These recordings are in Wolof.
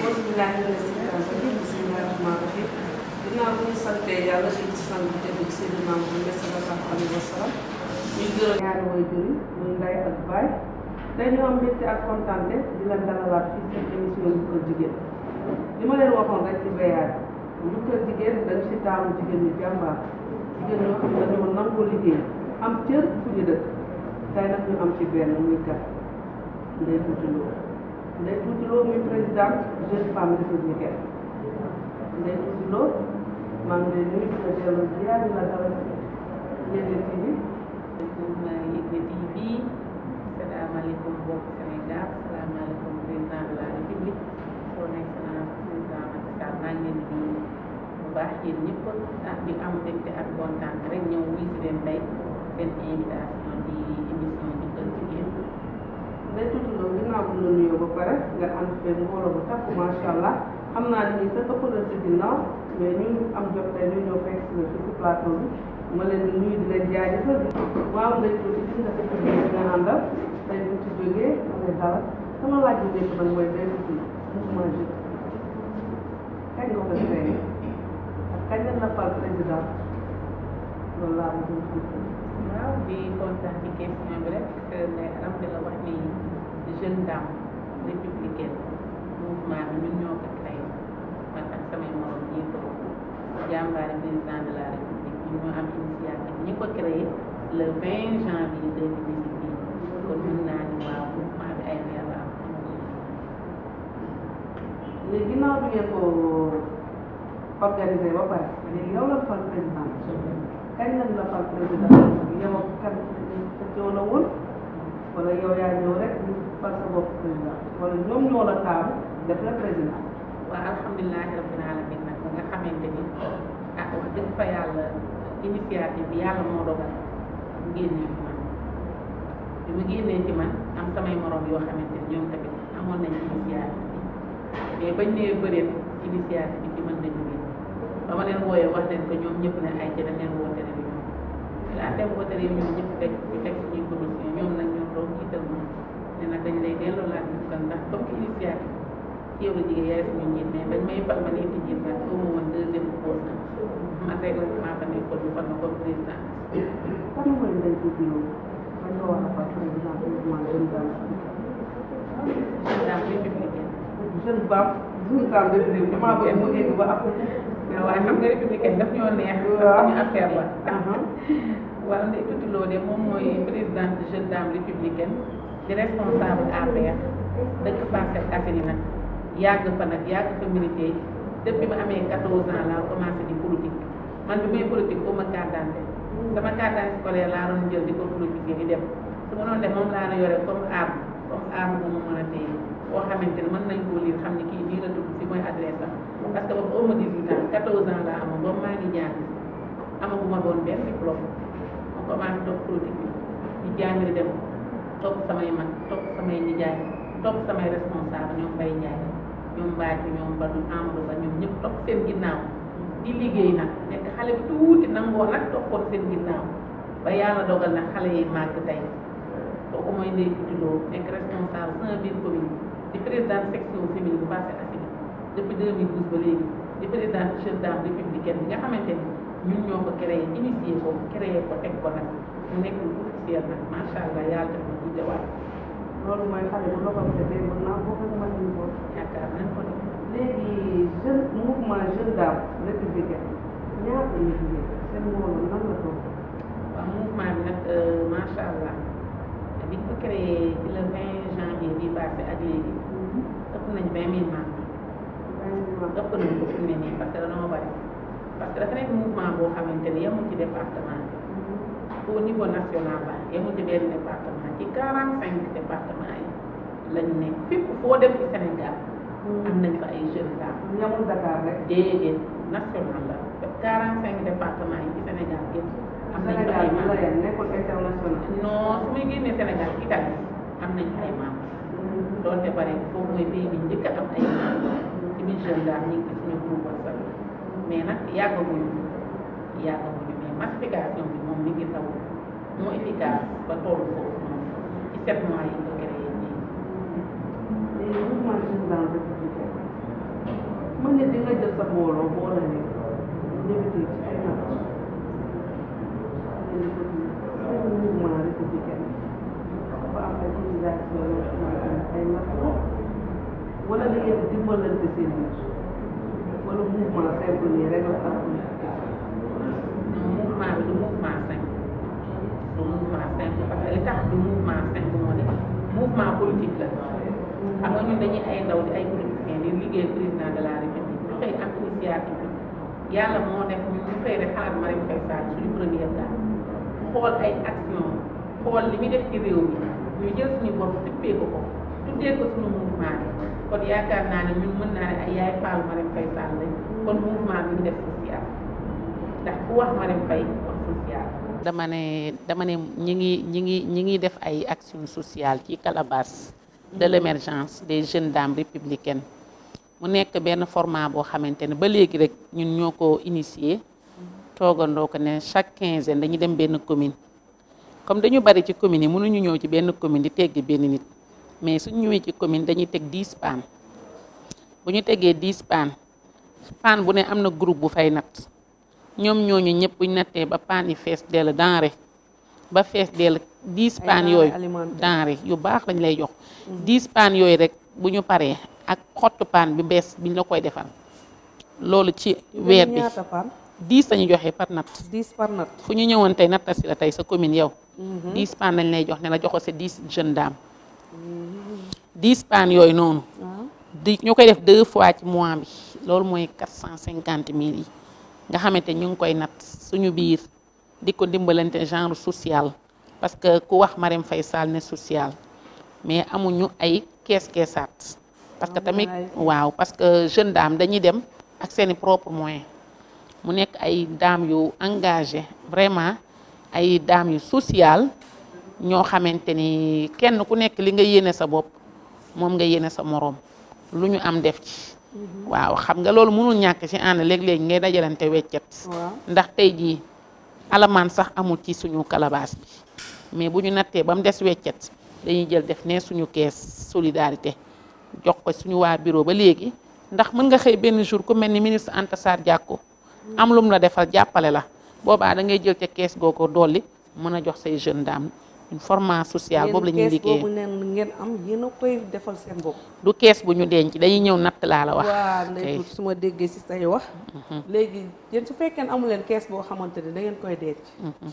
alhamdulilah bila ngi leen di sant ginnaaw bi ñu santee yàlla di ci sant di déglu si li ma amee ba sallallahu alayhi wa sallam ñu gërëm ñaari way jur yi muy ndey ak baay tey ñu am mbégte ak kontaante di leen dalalaat fii seen émission bu kër jigéen li ma leen waxoon rek ci béyaat bu kër jigéen dañ si taamu jigéen ñi jàmbaar jigéen ñoo xam ne liggéey am cër fu ñu dëkk tey am ci benn muy kat ndey tuuti loolu Ndeye Couty Lo muy présidente jeune femme républicaine Ndeye Couty Lo maa ngi lay nuyu di la dellu ziar di la dalal Léegi TV. TV salaamaaleykum mbokk Sénégal salaamaaleykum président de la République son excellence président Macky Sall maa ngi leen di nuyu bu baax yéen ñëpp ah di am mbégte ak kontaan rek ñëw wuyu si leen tey seen invitation di émission bi kër jigéen. Ne tuddandoo ginnaaw şey bu la nuyoo ba pare nga am seen mbooloo bu takku macha allah xam naa ne nii sa ëpp na si ginnaaw mais ñu am jot tey ñu ñëw fekk si fii si plateau bi ma leen di nuyu di leen jaajëfal waaw ndey tuuti gis nga sa kër nga àndal tey bu ci jógee ma lay dalal sama laaj bi nekk man mooy benn si mouvement jeune kañ nga ko créé ak kañ la fal président loolu laa am waaw di kontaan ci question bi rek am initiative ñi ko créé le 20 janvier 2018 kon mën naa ni waaw mouvement bi ay weer la am léegi ginnaaw bi ngeen ko organisé ba pare léegi yow la fal président kañ lañ la fal président yow ak kan xëccoo la woon wala yow yaa ñëw rek ñu fal sa bopp président wala ñoom ñoo la taamu def la président waaw alhamdulilahi rabbil alamin nag nga xamante ni ah wax dëgg fa yàlla initiative bi yàlla moo dogal mu génnee ci man bi mu génnee ci man am samay moroom yoo xamante ne ñoom tamit amoon nañ initiative bi mais bañ ma ne ay ci dañ leen woote réunion laa dem woote la jigéen yaay suñu njiit mais bañ may fal ma nekk njiit nag au moins man day doon maa fa nekkoon ñu fan ma comme président. kan mooy Ndeye Diouf yow man nga war a fàttali président mouvement jeune Dame. président républicain. jeune Dame jeune Dame républicain damaa bëgg mu nekk ba am. waaye xam nga républicain daf ñoo neex. waaw suñu affaire la. wala Ndeye Tuuti Lo de moom mooy présidente jeune Dame républicaine di responsable APR dëkk Parcelles Assainies nag yàgg fa nag yàgg fa milité depuis ma amee 14 ans laa commencé di politique. man bi may politique ba ma carte d'identité sama carte d'identité scolaire laa doon jël di ko politique di dem su ma doon def moom laa doon yore comme arme comme arme bu ma mën xamante ne mën nañ koo lire kii nii si mooy adresse am parce que boobu auma 18 ans 14 ans laa amoon boobu maa ngi jàng amaguma doon benn diplôme ma commencé toog politique bi di jàng di dem topp samay man topp samay nijaay topp samay responsable ñoom Baye Ndiaye ñoom Mbacke ñoom Badou Amadou Ba ñoom ñëpp topp seen ginnaaw. di liggéey nag nekk xale bu tuuti nangoo nag toppoon seen ginnaaw ba yàlla dogal na xale yi màgg tey kooku mooy Ndeye Pouty Lo nekk responsable cent mille communes di présidente section féminine bu Parcelles Assainies depuis 2012 ba léegi di présidente jeune dame républicaine bi nga xamante ni ñun ñoo ko créé initié ko créé ko teg ko nag mu nekk lu officiel nag macha allah yàlla def bu la léegi jeune mouvement jeune dame républicain ñaata ñu jógee seen mbooloo nan la toog. waaw mouvement bi nag euh, macha allah biñ ko créé ci le 20 janvier bii passé ak léegi mhm. ëpp nañ vingt mille membres. vingt mille membres ëpp nañ ko fi mu ne nii parce que dañoo bari parce que dafa nekk mouvement boo xamante ni yemul ci département bi mhm. au niveau national ba yemul ci benn département ci quarante cinq département yi lañu nekk fépp foo dem ci Sénégal. am nañ fa ay jeunes femmes. ñamul national la. 45 départements yi ci Sénégal gépp. am nañ fa ay membres Sénégal nekkul international. non su ma génnee Sénégal Italie am nañ ay membres. Mm-hmm. doonte bare foofu mooy pays bi njëkk a am ay membres. ci biir jeune daal ñu ngi ci suñu groupe WhatsApp mais nag yàggaguñu yàggaguñu mais massification bi moom mi ngi taw moo efficace ba toolu foofu noonu ci sept mois yi nga créé nii. mën nga dinga jël sa mbooloo boo la nekk débuté ci ay natt mouvement républicain dafa am ay organisation yoo xamante ne ay natt la wala da ngeen dimbalante seen biir wala mouvement simple nii rek la am mouvement bi du mouvement simple du mouvement simple parce que li tax du mouvement simple moo ne mouvement politique la xam nga ñun dañuy ay ndaw di ay politiciens di liggéey président de la République fay am ñu ñu ñu jël kon yaakaar naa ñu def social ndax ku wax Marième Faye wax social dama dama ne ñi ngi ñi ngi ñi ngi def ay action sociale ci calebasse de l' émergence des jeunes dames mu nekk benn format boo xamante ne ba léegi rek ñun ñoo ko initié toogandoo ko ne chaque quinzaine dañu dem benn commune comme dañu bari ci commune yi mënuñu ñëw ci benn commune di tegg benn nit mais suñu ñëwee ci commune dañuy teg 10 paan bu ñu tegee 10 paan paan bu ne am na groupe bu fay natt ñoom ñooñu ñëpp buñ nattee ba pan yi fees dell denrée ba fees dell 10 paan yooyu denrée yu baax lañ lay jox 10 paan yooyu rek bu ñu paree ak xottu paan bi bees biñ la koy defal loolu ci weer bi dix lañu joxe par natt dix par natt fu ñu ñëwoon tey natta si la tey sa commune yow mhm. dix paan lañ lay jox ne la joxo sa dix jeunes dames dix paan yooyu noonu mhm. di ñu koy def deux fois ci mois bi loolu mooy quatre cent cinquante mille yi nga xamante ñu ngi koy natt suñu biir di ko dimbalante genre social parce que ku wax Marème fay Sall ne social mais amuñu ay qu'est-ce que keesaat parce que tamit waaw parce que jeune dame dañuy dem ak seeni propre moyen mu nek ay dames yu engagées vraiment ay dames yu sociales ño xamanteni kenn ku nek li nga yéné sa bop mom nga yéné sa morom luñu am def ci mhm. waaw xam nga lolou mënul ñak ci ànd léeg-léeg ngay dajalante wéccet ndax tay ji alamaan sax amul ci suñu calabash bi mais buñu ñu bam dess wéccet dañuy jël def nee suñu kees solidarité jox ko suñu waa bureau ba léegi ndax mën nga xëy benn jour ku mel ni ministre Anta Sarr Diacko am lum la defal jàppale la boobaa da ngay jël ca kees goo ko dolli mën a jox say jeune dame une formation sociale boobu la ñuy liggéey ngeen am yéen koy defal seen du kees bu ñu denc dañuy ñëw natt laa la wax. waaw léegi su ma déggee si say wax. Mhm. léegi yéen su fekkee amu leen kees boo xamante ne dangeen koy denc. Mhm.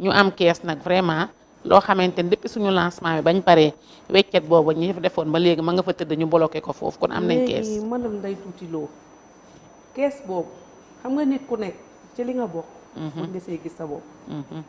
ñu am kees nag vraiment loo xamante ni depuis suñu lancement bi bañ paree weccet boobu ñi defoon ba léegi man nga fa tëdd ñu bloqué ko foofu kon am nañ kees léegi madame Ndeye Tuuti loo kees boobu xam nga nit ku nekk ci li nga bokk mhm. mën nga see gis sa bopp mhm.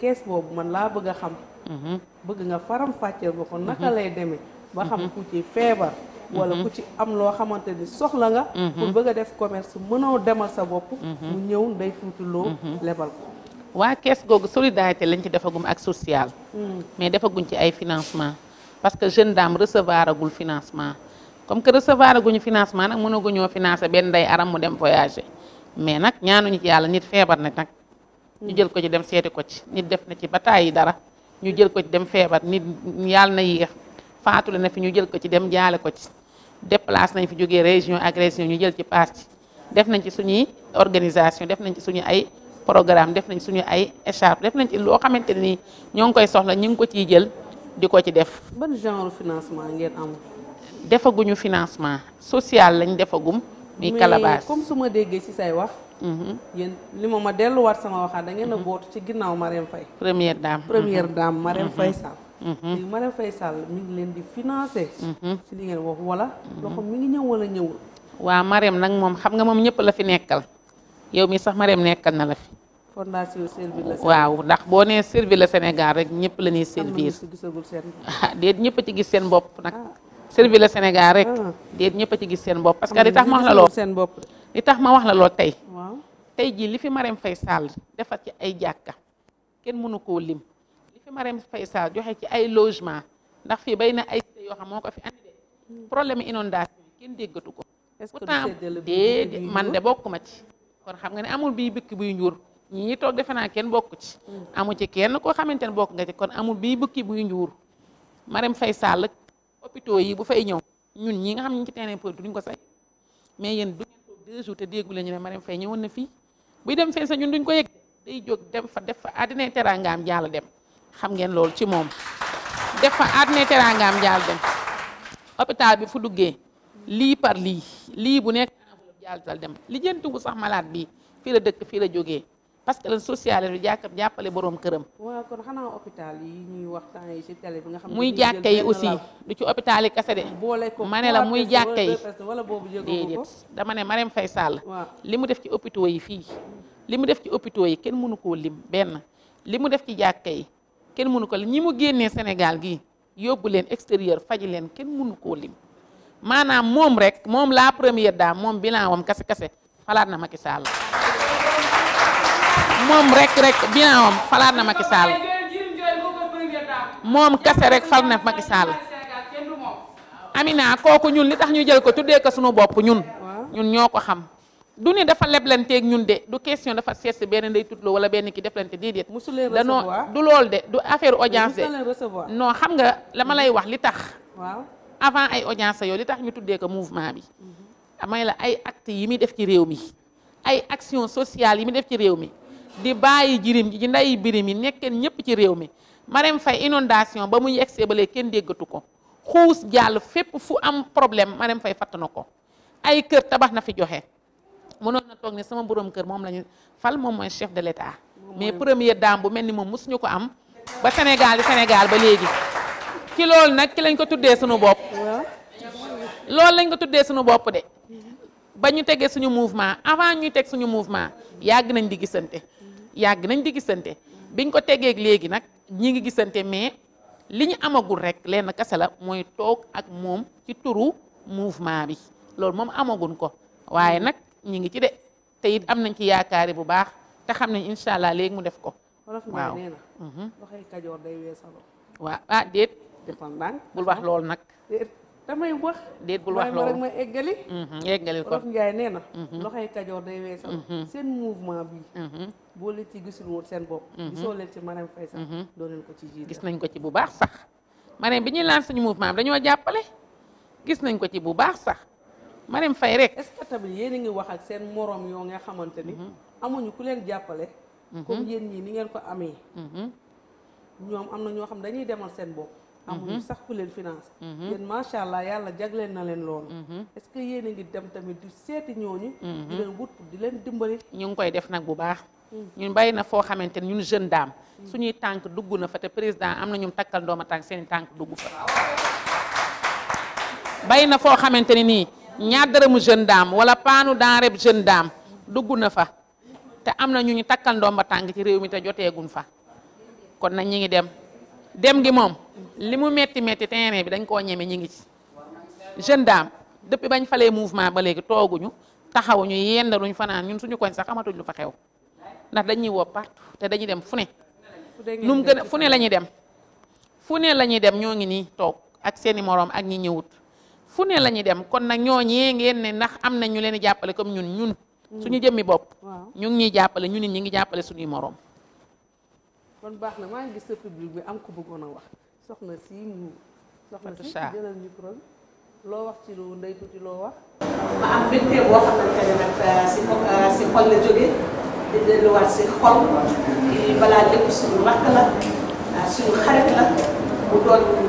kees boobu man laa bëgg a xam mhm. bëgg nga faram fàccee ba ko naka lay demee ba xam ku ci feebar wala ku ci am loo xamante ni soxla nga pour bëgg a def commerce mënoo demal sa bopp mu ñëw Ndeye Tuuti Lo lebal ko waa kees googu solidarité lañ ci defagum ak social. Hmm. mais defaguñ ci ay financement parce que jeune dame recevoir agul financement comme que recevoir aguñu financement nag mënaguñoo financer benn ndey aram mu dem voyager mais nag ñaanuñu ci yàlla nit feebar na nag. Hmm. ñu jël ko ci dem seeti ko ci nit def na ci bataay yi dara ñu jël ko ci dem feebar nit yàlla na yéex faatule na fi ñu jël ko ci dem jaale ko ci déplacé nañ fi jógee région ak région ñu jël ci parti def nañ ci suñuy organisation def nañ ci suñu ay. programme def nañ suñu ay échape def nañ ci loo xamante ni ñoo ngi koy soxla ñu ngi ko ciy jël di ko ci def. ban genre financement ngeen am. defaguñu financement sociale lañ defagum. muy calebasse mais su ma déggee ci say wax. Mhm. yéen li ma ma delluwaat sama waxaat da ngeen a mhm. bootu ci ginnaaw Marème première dame première mhm. dame Marème Faye Sall. léegi Marème Faye ngi leen di financer. ci li ngeen wax wala. loxo mi ngi ñëw wala ñëwul. waa Marème nag moom xam nga moom ñëpp la fi nekkal. yow mi sax Marème nekkal na la fi. fondation servir waaw ndax boo nee servir la Sénégal rek ñëpp la ñuy servir. ah déet ñëpp a ci gis seen bopp nag. Ah. servir la Sénégal rek. Ah. déet ñëpp ci gis seen bopp parce que li tax ma wax la lool. li tax ma wax la lool tey. tey jii li fi Marème Faye Sall defar ci ay jàkka kenn mënu koo lim. li fi Marème fay Sall joxe ci ay logement ndax fii bay na ay cité yoo xam moo ko fi andi de. Hmm. problème inondation yi kenn déggatu ko. est-ce que man de bokk ma ci. kon xam nga ne amul bi bukki buy njuur ñii toog defe naa kenn bokk ci mm. amu ci kenn ne bokk nga ci kon amul bii bukki buy njuur Marème fay Sall hôpitaux yi bu fay ñëw ñun ñi nga xam ñu ci terrain politique duñ ko say mais yéen du ngeen toog deux jours la ñu ne Marème Faye ñëwoon na fii buy dem fenn sa ñun duñ ko yëg day dem fa def fa àddina teraangaam jàll dem xam ngeen lool ci moom def fa àddina teraangaam jàll dem hôpital bi fu duggee lii par lii lii bu nekk jaaltal dem lijjantiwu sax malaat bi fii la dëkk fii la jógee parce que social bi jàkk jàppale borom këram. waaw kon xanaa hôpital yi ñuy waxtaan yi ci télé bi nga xam muy jàkka yi aussi du ci hôpital yi kese de. boole ko ma ne la muy jàkka yi déedéet dama ne Marème fay Sall. li mu def ci hôpitaux yi fii. li mu def ci hôpitaux yi kenn mënu koo lim benn li mu def ci jàkka yi kenn mënu ko lim ñi mu génnee Sénégal gii yóbbu leen extérieur faji leen kenn mënu koo lim. maanaam moom rek moom laa première daal moom bilan wam kase kase falaat na Macky Sall moom rek rek falaat na Macky Sall moom kase rek fal na Macky Sall Amina kooku ñun li tax ñu jël ko tuddee ko suñu bopp ñun ñun ñoo ko xam du ni dafa leblanteeg ñun de du question dafa seet beneen benn ndey tutloo wala benn ki deflante déedéet danoo du lool de du affaire audience de noo xam nga lama lay wax li tax avant ay audience yow li tax ñu tuddee ko mouvement bi may la ay actes yi muy def ci réew mi ay action sociale yi muy def ci réew mi di bàyyi jirim ji nday birim yi nekkeen ñëpp ci réew mi Marème Faye inondation ba mu yegsee ba léegi kenn déggatu ko xuus jàll fépp fu am problème Marème fay fatt na ko ay kër tabax na fi joxe mënoon na toog ne sama borom kër moom la ñu fal moom mooy chef de l'État mais première dame bu mel ni moom mosuñu ko am ba Sénégal Sénégal ba léegi ci loolu nag ci lañ ko tuddee suñu bopp loolu lañ ko tuddee suñu bopp de ba ñu tegee suñu mouvement avant ñuy teg suñu mouvement yàgg nañ di gisante yàgg nañ di gisante biñ ko tegeeg léegi nag ñi ngi gisante mais li ñu amagul rek lenn kese la mooy toog ak moom ci turu mouvement bi loolu moom amagun ko waaye nag ñi ngi ci de te it am nañ ci yaakaar yaakaari bu baax te xam nañ incha allah léegi mu def ko. waaw mhm. waaw ah déet. defal ndànk bul wax loolu nag. damay wax. déet bul wax loolu ma eggali. Mhm, eggali ko Wolof Njaay nee na. Mhm. loxoy Kajoor day weesal. Mhm. seen mouvement bi. boo leen ci gisul seen bopp. gisoo leen ci Marème Faye sax. ko ci jiite gis nañ ko ci bu baax sax. Marème bi ñuy lancé suñu mouvement bi dañoo jàppale. gis nañ ko ci bu baax sax. Marème Faye rek. est-ce yéen a ngi wax ak seen morom yoo nga xamante ni. amuñu ku leen jàppale. comme yéen ñii ni ngeen ko amee. ñoom am na ñoo xam dañuy demal seen bopp. amuñu mhm. sax ku leen finance mhm. yéen macha allah yàlla jagleel na leen loolu mhm. est-ce que yéen a ngi dem tamit di seeti ñooñu di leen wut di leen dimbali ñu ngi koy def nag bu baax ñun bàyyi na foo xamante ne ñun jeune dame suñuy tànk dugg na fa te président am na ñum takkal ndooma tànk seen tànk dugg fa bàyyi na foo xamante ne nii ñaar mu jeune dame wala paanu denrée jeune dame dugg na fa te am na ñu ñu takkal ba tànk ci réew mi te joteegun fa kon nañ ñi ngi dem dem ngi moom li mu metti metti terrain bi dañ koo ñemee ñu ngi ci jeune dame depuis bañ falee mouvement ba léegi tooguñu taxawuñu yendaluñ fanaan ñun suñu koñ sax amatuñ lu fa xew ndax dañuy woo partout te dañuy dem fu ne nu gën a fu ne la ñuy dem fu ne la ñuy dem ñoo ngi nii toog ak seen i moroom ak ñi ñëwut fu ne la ñuy dem kon nag ñooñee ngeen ne ndax am na ñu leen di jàppale comme ñun ñun mm. suñu jëmmi bopp ñu ngi ñuy jàppale ñu nit ñi ngi jàppale suñuy moroom kon baax na maa ngi gis sa bi bi am ko bëggoon a wax soxna si mu soxna si jëlal micro bi loo wax ci lu ndey tuuti loo wax ma am mbégte boo xamante ne euh, euh, la jóge euh, doon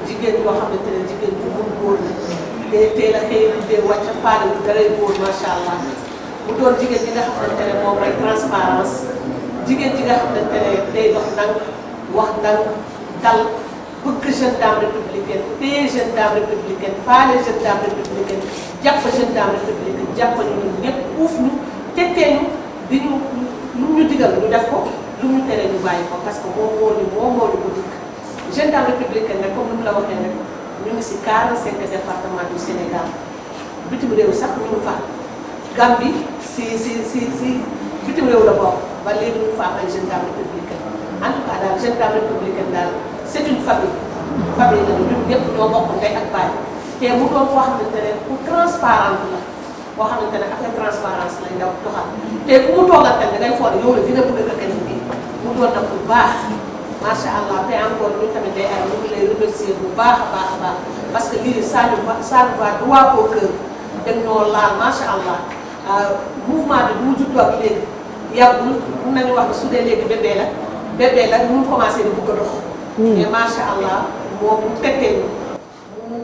jigéen boo xamante ne jigéen bu mun góor la te a xëy liggéey wàcc faana bi daray góor macha allah mu doon jigéen ñi nga xamante ne transparence jigéen ji nga xamante ne day dox ndànk wax ndànk dal bëgg jeune dame républicaine téye jeune dame républicaine faale jàpp jeune dame républicaine jàpp ñu ñun ñëpp uuf ñu tettee ñu di ñu lu ñu digal ñu def ko lu ñu tere ñu bàyyi ko parce que moom moo ñu moom moo ñu ko dikk jeune dame républicaine nag comme la waxee nag ñu ngi si 45 département du Sénégal bitim réew sax ñu ngi fa Gambie si si si si bitim réew la bokk. ba léegi ñu faam ay gendarme républicain en tout cas daal gendarme républicain daal c' est une famille. famille la ñun ñëpp ñoo bokk ndey ak baay te mu doon koo xamante ne ku transparence lañ daw doxal te ku mu toogal tamit dangay foog yow la fi nga bëgg a kañ bi mu doon nag bu baax macha allah te encore ñun tamit day am ñu ngi lay remercier bu baax a baax a baax parce que lii ça nous va ça nous va droit au cœur macha allah euh, mouvement bi bu mu juddoo yàggul mun nañu wax su dee léegi bébé la bébé la ñu commencé di bugg a dox. Hmm. mais macha allah boobu tettee mu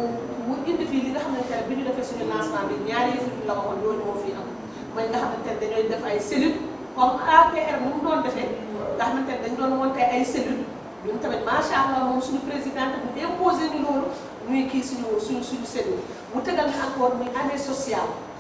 mu indi fii li nga xamante ne bi ñu defee suñu lancement bi ñaari yëf la waxoon loolu moo fi am mooy nga xamante ne dañooy def ay cellules comme APR mu doon defee. nga xamante ne dañu doon monté ay cellules. ñun tamit macha allah moom suñu président bu imposé ni loolu ñuy kii suñu suñu suñu cellule mu tegal ni encore muy année sociale.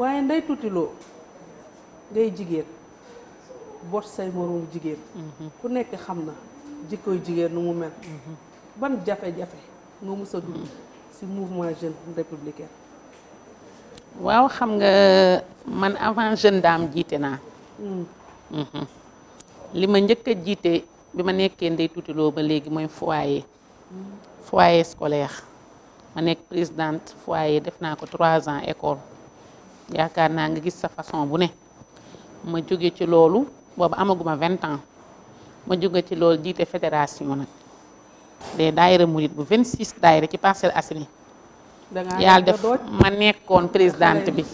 waaye nday tuutiloo ngay une bot say mhm. ku mhm. jafé, qui a mhm. ci mouvement jeune républicain waaw xam nga man avant jeune dame ce hmm. a ba foyer hmm. foyer scolaire Je suis présidente foyer J'ai fait trois ans école yaakaar naa nga gis sa façon bu ne ma jóge ci loolu boobu amaguma vingt ans ma jóge ci loolu jiite fédération nag des daayira murit bu vingt six daayira ci Parcelles Assainies yàlla def ma nekkoon présidente bi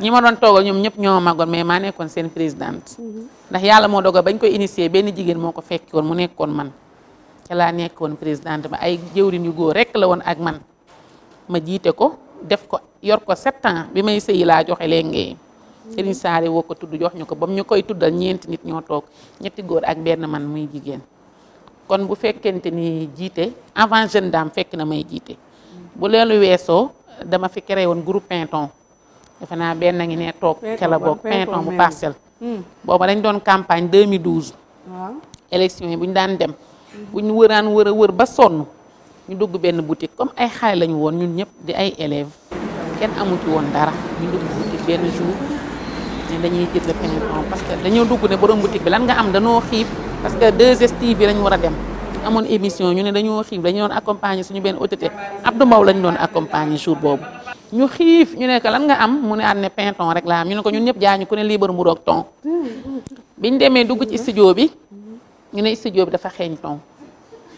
ñi ma doon toogal ñoom ñëpp ñoo magoon mais maa nekkoon seen présidente mhm. ndax yàlla moo dogal bañ koy initier benn jigéen moo ko fekki woon mu nekkoon man ca laa nekkoon présidente ba ay jëwriñ yu góor rekk la woon ak man ma jiite ko def ko yor ko sept ans bi may sëyi laa joxe léegi. Serigne Saare woo ko tudd jox ñu ko bam ñu koy tuddal ñeenti nit ñoo toog ñetti góor ak benn man muy jigéen. kon bu fekkente ni jiite avant jeune dame fekk na may jiite. bu loolu weesoo dama fi créé woon groupe Pinton. defe naa benn ngi ne toog. kela boog Pinton bu parcelle. Hmm. booba dañ doon campagne 2012. waaw élection yi bu ñu daan dem. bu ñu wëraan wër a wër ba sonn. ñu dugg benn boutique comme ay xale lañu woon ñun ñëpp di ay élèves kenn amu ci woon dara ñu dugg boutique benn jour ne dañuy jël le pemmican parce que dañoo dugg ne borom boutique bi lan nga am danoo xiif parce que 2STV bi lañ war a dem amoon émission ñu ne dañoo xiif dañu doon accompagner suñu benn autorité Abdou Mbow lañ doon accompagner jour boobu. ñu xiif ñu ne ko lan nga am mu ne ànd ne pain rek laa am ñu ne ko ñun ñëpp jaañu ku ne liibar mu roog thon biñ demee dugg ci studio bi ñu ne studio bi dafa xeeñ thon.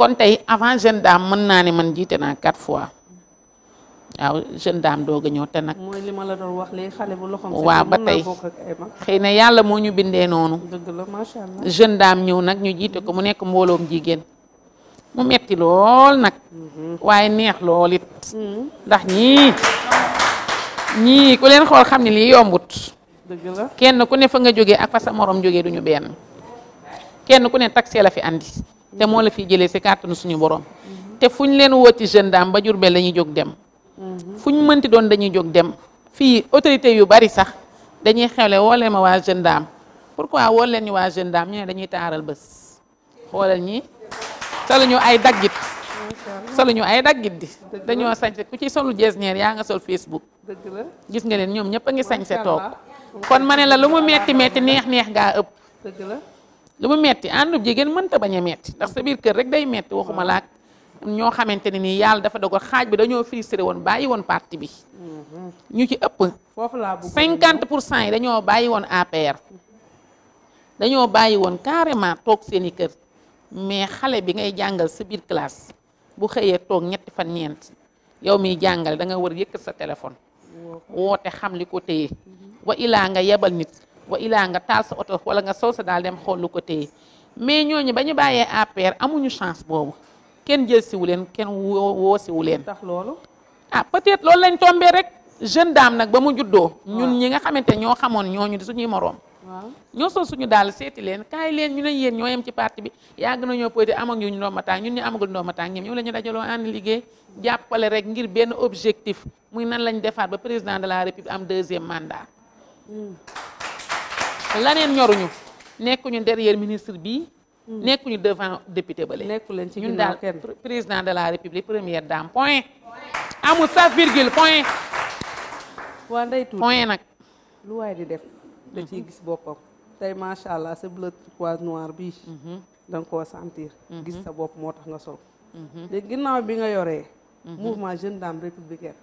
kon tey avant jeune dame mën naa ne man jiite naa quatre fois waaw jeune dame doog a ñëw te nag. mooy li ma la doon wax léegi xale bu loxoom. waaw ba tey xëy na yàlla moo ñu bindee noonu. dëgg la macha jeune dame ñëw nag ñu jiite ko mu nekk mbooloom jigéen. mu metti lool nag. Mhm. waaye neex lool it. Mhm. ndax ñii ñii ku leen xool xam ne lii yombut. dëgg la kenn ku ne fa nga jóge ak fa moroom morom jógee duñu benn. kenn ku ne taxi la fi andi. te moo la fiy jëlee si kàttanu suñu borom. te fu ñu leen wooti jeune dame ba Jurbel la ñuy jóg dem. fu ñu mënti doon dañuy jóg dem fii autorité yu bari sax dañuy xewle woolee ma waa jeune pourquoi woo ñu waa jeune ñu dañuy taaral bés xoolal ñi saluñu ay daggit. soluñu ay daggit di dañoo sañse ku ci nga sol Facebook gis nga leen ñoom ñëpp a ngi sañse toog kon ma ne la lu mu metti metti neex neex ëpp lu mu metti àndub jigéen mënta bañ a metti ndax sa biir kër rek day metti waxuma laak ñoo xamante ne nii yàlla dafa dogal xaaj bi dañoo frustré woon bàyyi woon parti bi mm-hmm. ñu ci ëpp foofu cinquante pour cent yi dañoo bàyyi woon APR dañoo bàyyi woon carrément toog seen i kër mais xale bi ngay jàngal sa biir classe bu xëyee toog ñetti fan ñeent yow miy jàngale da nga war yëkkat sa téléphone woote xam li ko téye mm-hmm. wa ilaa nga yebal nit wa ilaa nga taal sa oto wala nga sol sa daal dem xool lu ko téye mais ñooñu ba ñu bàyyee APR amuñu chance boobu kenn jël siwu leen kenn woo woo siwu leen. tax loolu. ah peut-être loolu lañ tombé rek jeune dame nag ba mu juddoo. ñun ñi nga xamante ñoo xamoon ñooñu di suñuy moroom. waaw ñoo sol suñu daal seeti leen kaay leen ñu ne yéen ñoo yem ci parti bi yàgg nañoo peut ama am ak ñu ndomba tàng ñun ñu amagul ndomba tàng ñoom ñoom la ñu dajaloo ànd liggéey jàppale rek ngir benn objectif muy nan lañ defaat ba président de la république am deuxième mandat. Hmm. laneen ñoruñu nekkuñu derrière ministre bi hmm. nekkuñu devant député ba leen ñun daal président de la république première dame point amul sa virgule point waa Ndeye Touré point nag lu waay di def da ciy hmm. gis boppam tey macha allah sa bleu turquoise noir bii hmm. da ko santir gis sa bopp moo tax nga sol léegi ginnaaw bi nga yoree mouvement jeune dame républicaine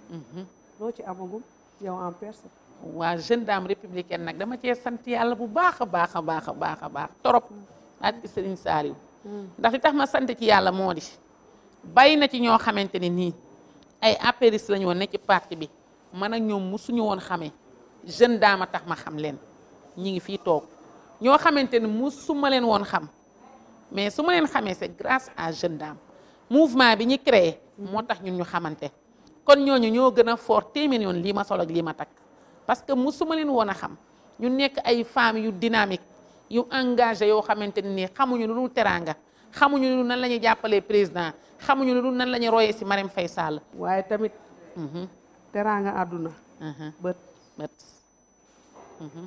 loo ci amagum yow en personne waa jeune dame républicaine nag dama cee sant yàlla bu baax a baax a baax a baax a baax torop ak Serigne Saliou hmm. ndax li tax ma sant ci yàlla moo di bàyyi na ci ñoo xamante ne nii ay apéris lañu woon ne ci parti bi man ak ñoom musuñu woon xamee jeune dame a tax ma xam leen ñi ngi fi toog ñoo xamante ne ma leen woon xam mais su ma leen xamee c'est grace à jeune dame mouvement bi ñu créer moo tax ñu ñu xamante kon ñooñu ñoo gën a foor téeméer yoon lii ma solo ak lii ma takk parce que musuma leen woon a xam ñu nekk ay femmes yu dynamique yu engagé yoo xamante ne nii xamuñu lu dul teraanga xamuñu lu nan la ñuy jàppalee président xamuñu lu dul nan la ñuy royee si Marème fay Sall. waaye tamit. Mhm. teraanga àdduna. Mhm. bët bët. Mhm.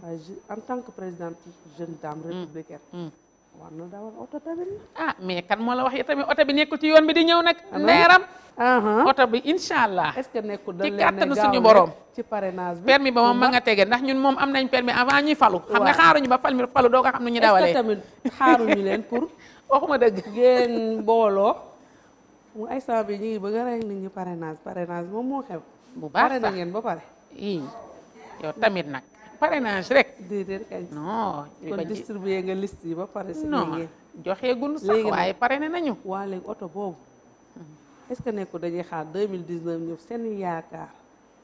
en tant que président jeune dame mm. républicaine. Mm. war na dawal oto ah, kan moo la wax yi tamit oto bi nekkul ci yoon bi di ñëw nag. Ah leeram uh-huh. oto bi incha allah. est-ce que nekkul dañ leen ci kàttanu suñu borom. ci parrainage bi permis ba moom ma nga tege ndax ñun moom am nañ permis avant ñuy falu. xam nga xaaruñu ba fal mi falu doo ko xam nu ñu dawalee. est-ce que tamit xaaruñu leen pour. waxuma dëgg. ngeen booloo. mu ay saa bi ñu ngi bëgg a rey nit ñi parrainage moom moo xew. bu baax sax pare ba pare. yow tamit nag. parrainage rek. déedéet kay non. kon distribué nga yi ba pare. si non joxe gun sax waaye parrainé nañu. waa léegi oto boobu. est-ce que nekku dañuy xaar deux mille dix-neuf ñëw seen yaakaar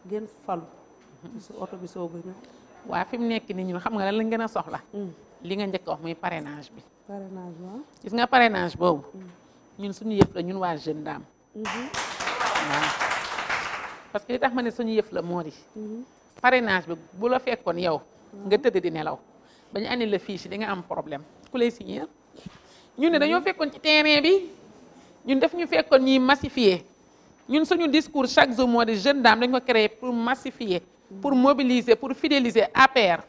ngeen falu. si oto bi soog waa fi mu nekk nii ñun xam nga lan lañ gën a soxla. Mm. li nga njëkk wax muy parrainage bi. parrainage gis nga parenage boobu. Mm. ñun suñu yëf la ñun waa Jeune Dame. Mm-hmm. parce que li tax ma ne suñu yëf la moo yi parrainage bi bu la fekkoon yow nga tëdd di nelaw ba ñu andil la fiche di nga am problème ku lay signé ñu ne dañoo fekkoon ci terrain bi ñun daf ñu fekkoon ñuy massifier ñun suñu discours chaque jour moo di jeune dame dañ ko créé pour massifier pour mobiliser pour fidéliser APR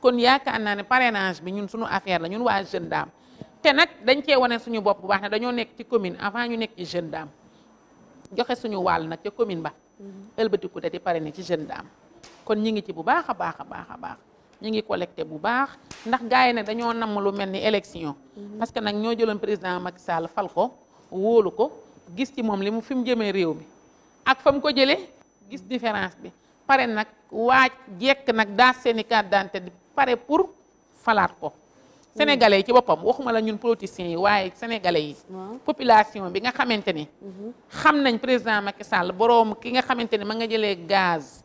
kon yaakaar naa ne parrainage bi ñun suñu affaire la ñun waa jeune dame te nag dañ cee wane suñu bopp bu baax ne dañoo nekk ci commune avant ñu nekk ci jeune dame joxe suñu wàll nag ca commune ba mm-hmm. ëlbatiku da di parrainer ci jeune dame kon ñi ngi ci bu baax a baax a baax a baax ñi ngi collecté bu baax ndax gars yi nag dañoo namm lu mel ni élection mhm. parce que nag ñoo jëloon président Macky Sall fal ko wóolu ko gis ci moom li mu fi mu jëmee réew mi ak fa mu ko jëlee gis différence bi pare nag waaj jekk nag daa seeni carte di pare pour falaat ko mhm. sénégalais yi ci boppam waxuma la ñun politiciens yi waaye sénégalais yi population bi nga xamante ni mhm. xam nañ président Macky Sall boroom ki nga xamante ni ma nga jëlee gaz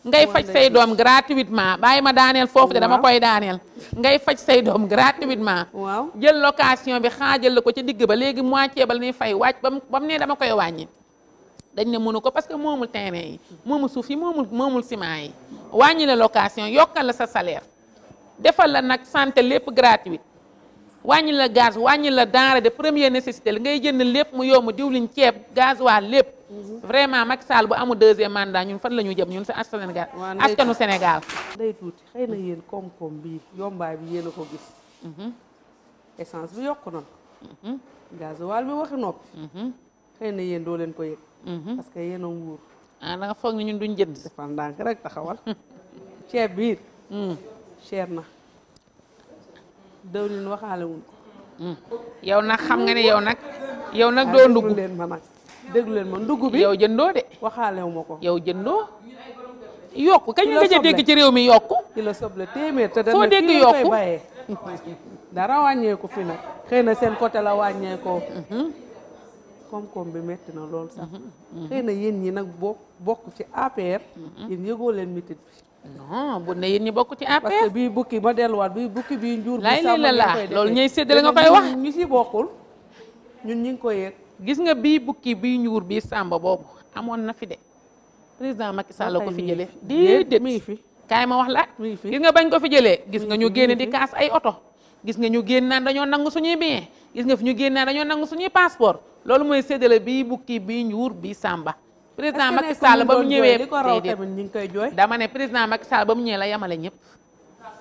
ngay faj say doom gratuitement bàyyi ma daaneel foofu de dama koy daaneel ngay faj say doom gratuitement waaw jël location bi xaajal la ko ci digg ba léegi moitié ba la ñuy fay waaj bam bam ne dama koy wàññi dañ ne mënu ko parce que moomul terrain yi moomul suuf yi moomul moomul ciment yi wàññi la location yokkal la sa salaire defal la nag santé lépp gratuite wàññi la gaz wàññi la denrée de première nécessité li ngay jënd lépp mu yomb diwlin ceeb gaz waa lépp. Mhm. vraiment Macky saal bu amul deuxième mandat ñun fan la ñu jëm ñun sa askanu Sénégal. day tuuti xëy na yéen koom-koom bi yombaay bi yéen a ko gis. Mhm. essence bi yokku na. Mhm. gasoil bi waxi noppi. xëy na yéen doo leen ko yëg. parce que yéen a nguur. ah da foog ni ñun duñ jënd. defal ndànk rek taxawal. ceeb bi it. Hmm. cher na. dëwlin waxaale wuñ ko. Hmm. yow nag xam nga ne yow nag. yow nag doo ndugg leen ma nag déglu leen ma ndugg bi yow jëndoo de. waxaale ma ko yow jëndoo. yokk kañ la gëj a dégg ci réew mi yokk ki la soble téeméer te dana foo dégg yokku dara wàññeeku fi nag. xëy na seen côté la wàññeekoo. Mm-hmm. koom-koom bi metti na lool sax. Mm-hmm. Mm-hmm. xëy na yéen ñi nag bokk bokk ci APR. yéen yëgoo leen mitit bi. non bu ne yéen ñi bokk ci APR. bii bukki ba delluwaat bii bukki bii njuur. bu sàmm la la loolu ñooy séddale nga koy wax si bokkul ñun ñu ngi koy yëg. gis nga bii bukki bii njuur bii sàmba boobu amoon na fi de président Macky Sall ko fi jëlee. Ah, déedéet mi kaay ma wax la. gis nga bañ ko fi jëlee. gis nga ñu génne di kaas ay oto. gis nga ñu génn naan dañoo nangu suñuy bien gis nga fi ñu génn naan dañoo nangu suñuy passeport loolu mooy séddale bii bukki bii njuur bii sàmba président Macky Sall ba mu ñëwee li ko raw tamit koy jooy dama ne président Macky Sall ba mu ñëwee la yamale ñëpp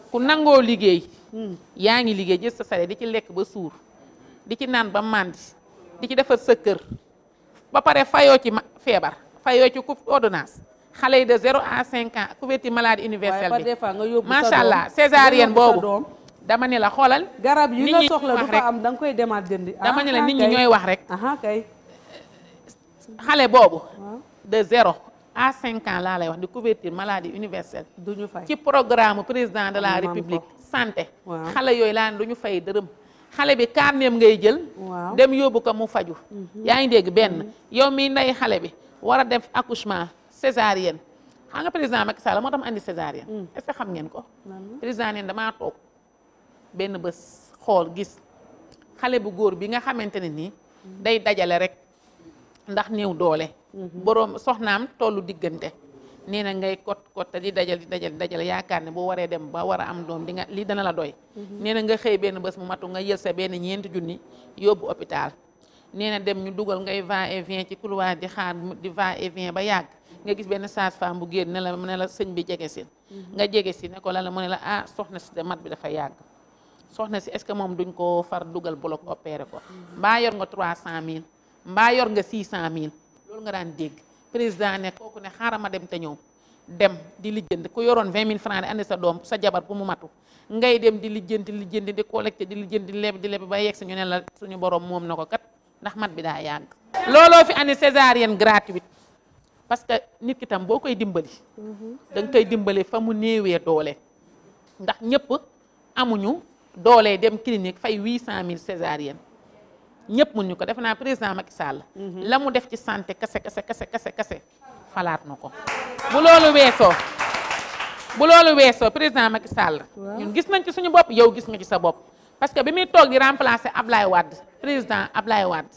ku nangoo liggéey hmm. yaa ngi liggéey jël sa sare di ci lekk ba suur di ci naan ba màndi di ci defar sa ba pare fayoo ci mag feebar fayoo ci coupe ordonnance xale yi de zéro à cinq ans couverture maladie universelle bi macha allah césarienne boobu dama ne la xoolal garab yi nga da nga koy demaat jëndi dama ne la nit ñi ñooy wax rek xale boobu de zéro à cinq ans laa lay wax di couverture maladie universelle. du ñu fay ci programme président de la république santé. xale yooyu laa ne du ñu fay dërëm. xale bi carnet ngay jël. dem yóbbu ko mu faju mhm. yaa ngi dégg benn mhm. yow mii ndey xale bi war def accouchement césarienne xam nga président Macky Sall moo tax mu andi césarienne. Mhm. est ce xam ngeen ko. président neen damaa toog benn bés xool gis xale bu góor bi nga xamante ne nii. day dajale rek. ndax new doole mhm. borom soxnam tollu diggante nee ngay kot kot tadi di dajal di dajal dajal yaakaar ne boo waree dem ba wara am doom di nga li dana la doy mhm. nee nga xey ben bés mu matu nga yël sa ben ñent jooni yobbu hôpital nee dem ñu dugal ngay va et vient ci couloir di xaar di va et vient ba yàgg nga gis ben sage-femme bu génn ne la ne la sëñ bi jégé sin mhm. nga jégé sin ko la la ne la ah soxna ci de mat bi dafa yàgg soxna ci est-ce que mom duñ ko far dugal bloc opéré ko ba yor nga 300000 mbaa yor nga 600000 loolu nga daan dégg président ne kooku ne xaaral ma dem te ñëw dem di lijjanti ku yoroon 20000 francs di andi sa doom sa jabar bu mu matu ngay dem di lijjanti lijjanti di collecté di lijjanti di leb di leb ba yegg si ñu ne la suñu borom moom na ko kat ndax mat bi daa yàgg. looloo fi andi césarienne gratuite parce que nit ki tam boo koy dimbali. da nga koy dimbali fa mu néewee doole. ndax ñëpp amuñu doole dem clinique fay 800000 césarienne. ñëpp mun ñu ko defe naa président Macky Sall. Mhm. la mu def ci santé kase kase kase kase kase falaat ma ko. bu loolu weesoo bu loolu weesoo président Macky Sall. gis nañ ci suñu bopp yow gis nga ci sa bopp. parce que bi muy toog di remplacer Ablaye Wade président Ablaye Wade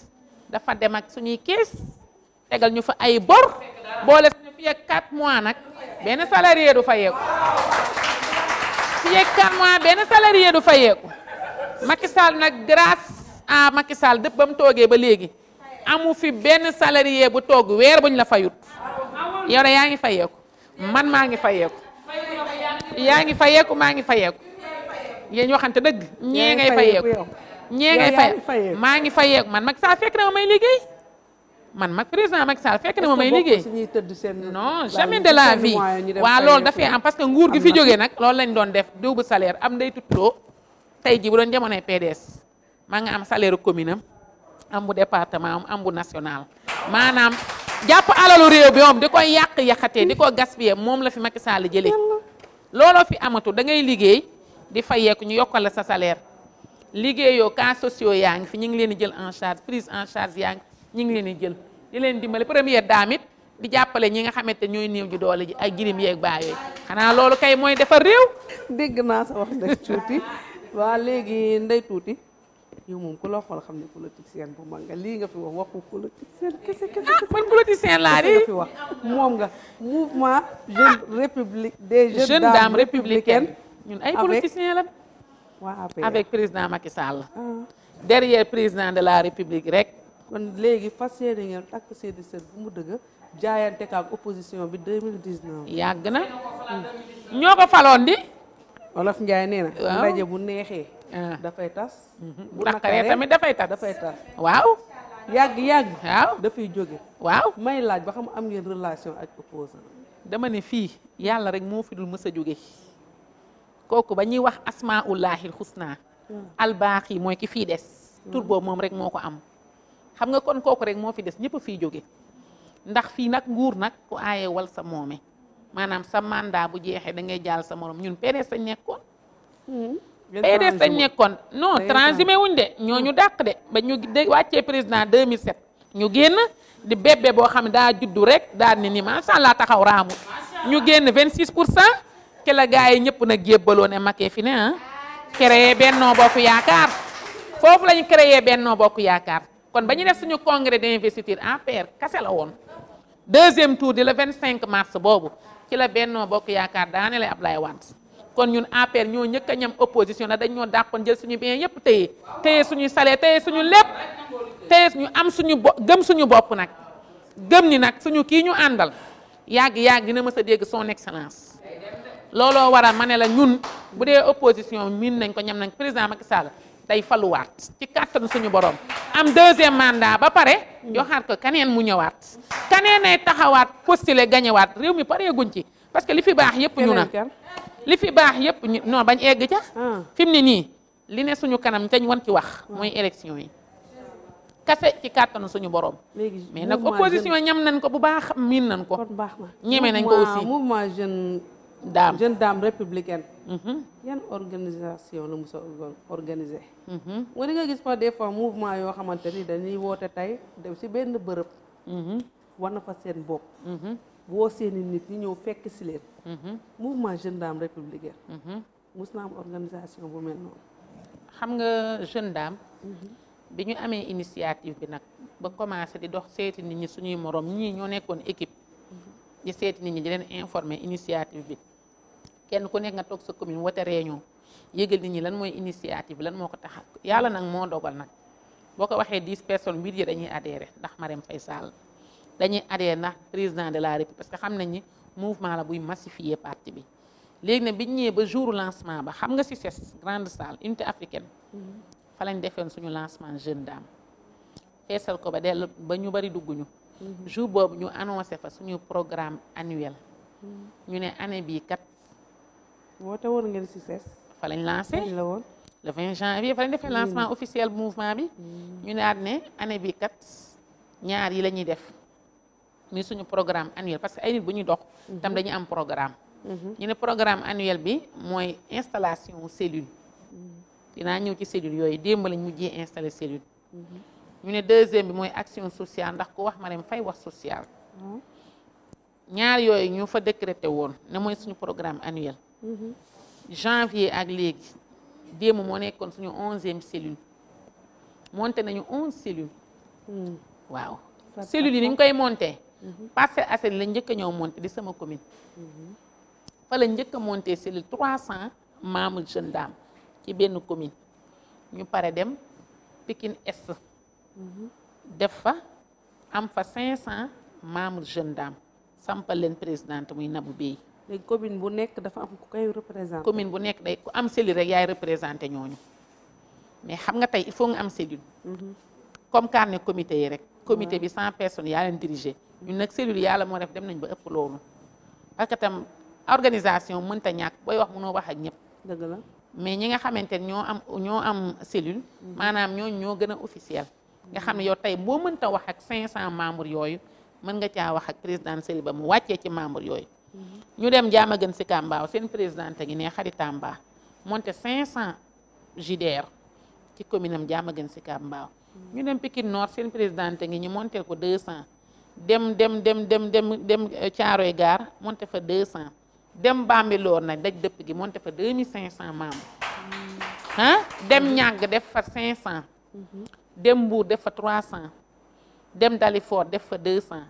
dafa dem ak suñuy kees tegal ñu fa ay bor boole suñu fii ak 4 mois nag benn salarié du fa yeeku. fii ak 4 mois benn salarié du fa yeeku Macky nag grâce. ah Macky Sall dëpp ba mu toogee ba léegi amu fi benn salarié bu toog weer bañ la fayut yow de yaa ngi fayeeku man maa ngi fayeeku yaa ngi fayeeku maa ngi fayeeku yéen ñu waxante dëgg ñee ngay fayeeku ñee ngay fayeeku maa ngi fayeeku man Macky Sall fekk na ma may liggéey man mag président Macky Sall fekk na ma may liggéey non jamais de la vie waa loolu dafay am parce que nguur gi fi jógee nag loolu lañ doon def double salaire am ndey tutloo tey ji bu doon jamonoy PDS maa nga am salaire commune am am bu département am am bu national maanaam jàpp alalu réew bi moom di koy yàq yàqatee di ko gaspiller moom la fi Macky Sall jëlee looloo fi amatu da ngay liggéey di fayeeku ñu yokkale sa salaire liggéeyoo cas sociaux yaa ngi fi ñu ngi leen di jël en charge prise en charge yaa ngi ñu ngi leen di jël di leen dimbale première dame it di jàppale ñi nga xamante ñooy néew ji doole ji ay jirim yeeg baa xanaa loolu kay mooy defar réew. dégg waa léegi ndey tuuti. yow moom ku la xool xam ne politicien bu mag nga lii nga fi wax waxu politicien kese kese ah, man politicien laa di fi wax moom nga mouvement jeune république des jeunes dames républicaines ñun ay politicien la waa APR avec président Macky Sall ah. derrière président de la république rek kon léegi fas yéene ngeen takk seeni sër bu mu dëgg jaayante ak opposition bi 2019 yàgg na ñoo ko faloon di Wolof Njaay nee na ndaje bu neexee Ah. dafay tas. Mhm. bu naqaree dafay tas dafay waaw. yàgg yàgg. waaw dafay jóge. waaw may laaj ba xam am ngeen relation ak opposant dama ne fii yàlla rek moo fi dul mës a jóge kooku ba ñuy wax asmaa ullahil xusna hmm. albaax yi mooy ki fii des. Hmm. tur boobu moom rek moo ko am. xam nga kon kooku rek moo fi des ñëpp a fiy jóge ndax fii nag nguur nag ku aaye wal sa moome maanaam sa mandat bu jeexee da ngay jàll sa morom ñun PDS sañ nekkoon. Hmm. PDS e lañ nekkoon non transhumé wuñ de ñoo ñu dàq de ba ñu de wàccee président deux 2007 ñu génn di bébé boo xam ne daa juddu rek daal ni ni macha allah taxaw raamu ñu génn vingt 26 pour cent ki la gars yi ñëpp na yébbaloo ne Macky fi ne ah créé Benno Bokk Yaakaar foofu lañu créer Benno Bokk Yaakaar kon ba ñu def suñu congrès d'investiture APR kase la woon deuxième tour di vingt cinq mars boobu ci la Benno Bokk Yaakaar daane lay Ablaye Wade kon ñun APR ñoo njëkk a ñam opposition la dañ ñoo dàqoon jël suñu bien yépp téye téye suñu salaire téye suñu lépp téye ñu am suñu bo gëm suñu bopp nag gëm ni nag suñu kii ñu àndal yàgg-yàgg dina mës a dégg son excellence looloo waral ma ne la ñun bu dee opposition miin nañ ko ñam nañ président Macky Sall day faluwaat ci kàttanu suñu borom am deuxième mandat ba pare joxaat ko kaneen mu ñëwaat kaneen ay taxawaat postuler gañewaat réew mi pareeguñ ci parce que li fi baax yépp na li fi baax yëpp ñu non bañ egg ca. Ah. fi ne nii li ne suñu kanam te ñu wan ci wax. mooy ah. élection yi. kase ci kàttanu suñu borom. mais nag opposition ñam nañ ko bu baax miin nañ ko. baax na ñeme nañ ko aussi mouvement jeune. dame jeune dame républicaine. Mhm. yan organisation la mos a organisé. Mhm. wala nga gis fa des fois mouvement yoo xamante ni dañuy woote tey dem si benn bërëb. Mhm. war na fa seen bopp. boo seeni nit ñi ñëw fekk si leen. Mhm. mouvement jeune dame républicain. mus mhm. naa am organisation bu mel noonu. xam nga jeune dame. Mhm. bi ñu amee initiative bi nag ba commencé di dox seeti nit ñi suñuy morom ñii ñoo nekkoon équipe. di seeti nit ñi di leen informer initiative bi kenn ku nekk nga toog sa commune wote réunion yëgal nit ñi lan mooy initiative bi lan moo ko tax yàlla nag moo dogal nag boo ko waxee dix personne mbir yi dañuy adhéré ndax Marème Faye Sall. dañuy adhéré na président de la république parce que xam nañ ni mouvement la buy massifier parti bi léegi nag biñ ñëwee ba jour lancement ba xam nga si CICES grande salle unité africaine mm-hmm. fa lañ defoon suñu lancement jeune dame feesal ko ba dell ba ñu bari dugguñu mm-hmm. jour boobu ñu annoncé fa suñu programme annuel mm-hmm. ñu ne année bii kat woote woon ngeen CICES fa lañ la woon le 20 janvier fa lañ defee lancement officiel mouvement bi ñu ne at ne année bii kat ñaar yi lañuy def muy suñu programme annuel parce que ay nit bu ñuy dox mhm. tam dañuy am programme mhm. ñu ne programme annuel bi mooy installation cellule mhm. dinaa ñëw ci cellule yooyu démb lañ mujjee installé cellule ñu ne deuxième bi mooy action sociale ndax ku wax Marème Faye wax sociale ñaar yooyu ñu fa décrété won. ne mooy suñu programme annuel janvier ak léegi démb moo nekkoon suñu onzième cellule monté nañu onze cellules waaw cellule, yi ni ñu koy monté Mhm. passer Assainies mhm. la njëkk a ñëw monté di sama commune. fa la njëkk monter c'est les 300 membres jeunes dames ci benn commune ñu pare dem Pikine Est. Mhm. def fa am fa 500 membres jeunes dames sampal leen présidente muy Nabou Bey. Le commune bu nekk dafa am ku koy commune bu nekk day ku am cellule rek mais xam nga il faut nga am cellule. comme carnet comité yi rek. comité bi 100 personnes yaa leen dirigé. ñun nag cellule yàlla moo def dem nañ ba ëpp loolu parce tam organisation mënta ñàkk booy wax noo wax ak ñëpp. la mais ñi nga xamante ne ñoo am ñoo am cellule. Mm-hmm. maanaam ñooñu ñoo gën a officiel. nga xam ne yow tey boo mënta wax ak cinq cent membres yooyu mën nga caa wax ak président cellule ba mu wàccee ci membres yooyu. Mm-hmm. ñu dem jaama gën si Kambaaw seen présidente gi ne xaritamba cinq cent JDR ci commune jaam jaama gën si Kambaaw. Mm-hmm. ñu dem Pikine Nord dem dem dem dem dem dem Caaroy euh, Gaar monte fa 200 dem Bambilor nag daj dëpp gi monte fa 2500 membres ah dem ñàgg def fa 500 dem Mbuur def fa 300 dem Dalifort def fa 200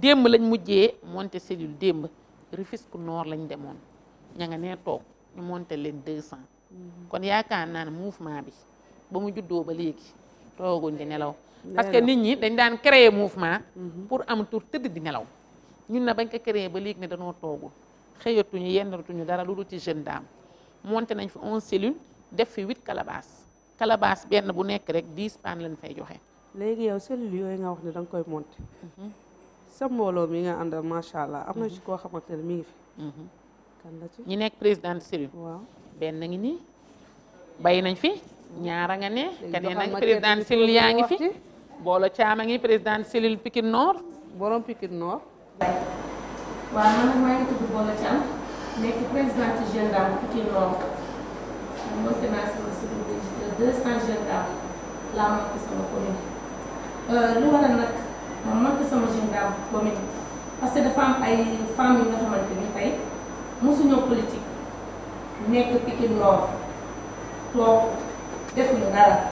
démb lañ mujjee monte cellule démb Rufisque noor lañ demoon ña nga nee toog ñu monte leen 200 mm-hmm. kon yaakaar naa ne mouvement bi ba mu juddoo ba léegi tooguñ di nelaw parce que nit ñi dañ daan créer mouvement mhm. pour am tour tëdd di ngelaw ñun na bañ ko créer ba léegi ne danoo toogul xëyatuñu yendatuñu dara lu dul ci jeune dame monté nañ fi on cellules def fi huit calabas calabas benn bu nekk rek dix paan lañ fay joxe léegi yow cellules yooyu nga wax ne da nga koy monté mhm. sa mbooloo nga àndal macha allah am na mhm. ci koo xamante ne mi ngi fi kan la ci ñi nekk président de cellule waaw benn ngi nii bay nañ fi ñaara nga ne keneen nag président de yaa ngi fi Boolo Thiam a ngi président cellule Pikine Nord borom Pikine Nord. waaw man nag maa ngi tudd Boolo Thiam nekk présidente gendarme Pikine Nord monté naa sama cellule de 200 gendarme laa monté sama commune euh, lu waral nag ma sama gendarme commune parce que dafa ay femmes yi nga xamante tey mosuñoo politique nekk Pikine Nord toog defuñu dara.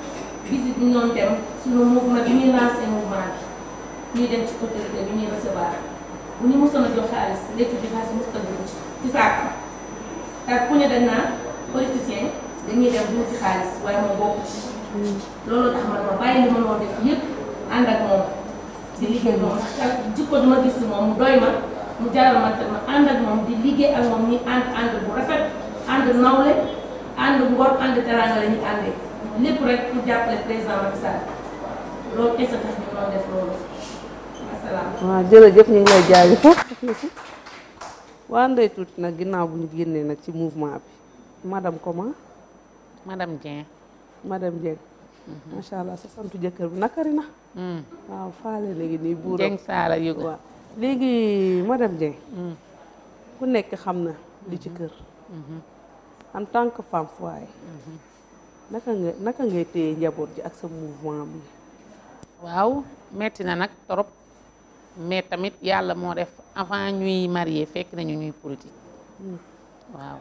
visite ñu doon dem suñu mouvement bi ñuy lancé mouvement bi ñuy dem ci autorité bi ñuy recevoir bu ñu mosoon jox xaalis léegi bi xaalis mos a dugg ci saako ak ku ne dañ naan politicien dañuy dem dugg ci xaalis waaye ma bokk ci. loolu tax man ma bàyyi li ma doon def yëpp ànd ak moom di liggéey moom ndax kat duma gis moom mu doy ma mu jaral te ma ànd ak moom di liggéey ak moom ñuy ànd ànd bu rafet ànd nawle ànd ngor ànd teraanga lañu ñuy lépp loolu kese tax ñu doon def loolu asalaam. waaw jërëjëf ñu ngi lay jaajëfal. waa Ndeye tuuti nag ginnaaw bu ñu génnee nag ci mouvement bi madam comment. madame Dieng. madame Dieng. Mhm. macha allah sa santu jëkkër bi nakari na. Mm. waaw faale léegi nii buur. léegi madame Dieng. Mm. ku nekk xam na li ci mhm. kër. Mhm. en tant que femme foyer. naka nga naka ngay téye njaboot ji ak sa mouvement bi. waaw metti na nag trop mais tamit yàlla moo def avant ñuy marié fekk nañu ñuy politique. Hmm. waaw